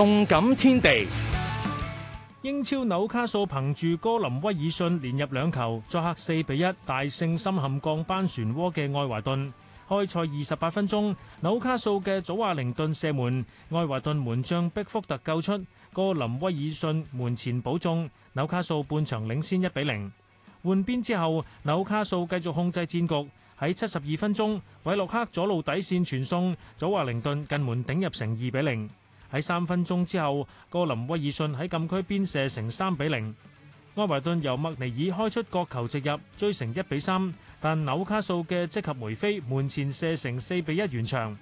動感天地，英超紐卡素憑住哥林威爾遜連入兩球，作客四比一大勝深陷降班漩渦嘅愛華頓。開賽二十八分鐘，紐卡素嘅祖華靈頓射門，愛華頓門將碧福特救出，哥林威爾遜門前補中，紐卡素半場領先一比零。換邊之後，紐卡素繼續控制戰局。喺七十二分鐘，韋洛克左路底線傳送，祖華靈頓近門頂入成二比零。喺三分鐘之後，哥林威爾遜喺禁區邊射成三比零。愛華頓由麥尼爾開出角球直入，追成一比三。但紐卡素嘅積及梅菲門前射成四比一完場。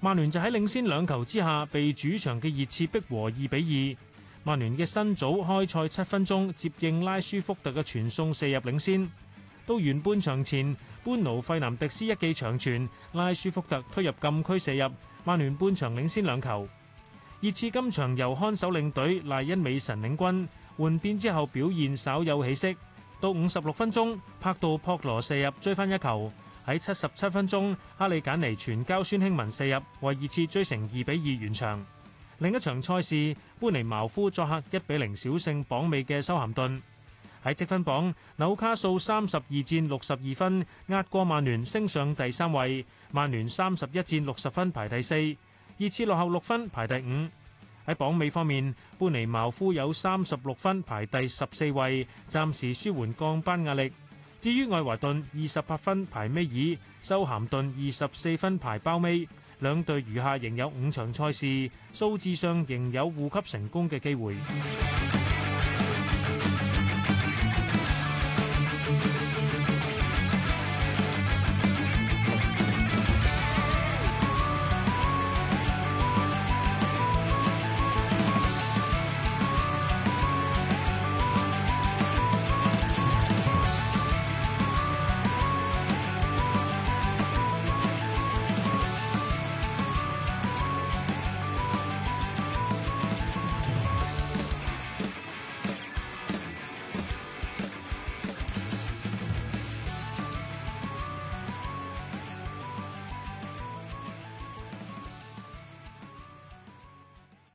曼聯就喺領先兩球之下，被主場嘅熱刺逼和二比二。曼聯嘅新組開賽七分鐘接應拉舒福特嘅傳送射入領先，到完半場前，班奴費南迪斯一記長傳，拉舒福特推入禁區射入，曼聯半場領先兩球。熱刺今場由看守領隊賴恩美神領軍，換邊之後表現稍有起色。到五十六分鐘，拍到撲羅射入追翻一球。喺七十七分鐘，哈利簡尼傳交孫興文射入，為熱刺追成二比二完場。另一場賽事，般尼茅夫作客一比零小勝榜尾嘅修咸頓。喺積分榜，紐卡素三十二戰六十二分，壓過曼聯升上第三位。曼聯三十一戰六十分排第四。熱刺落後六分排第五。喺榜尾方面，般尼茅夫有三十六分排第十四位，暫時舒緩降班壓力。至於愛華頓二十八分排尾二，修咸頓二十四分排包尾。兩隊餘下仍有五場賽事，數字上仍有護級成功嘅機會。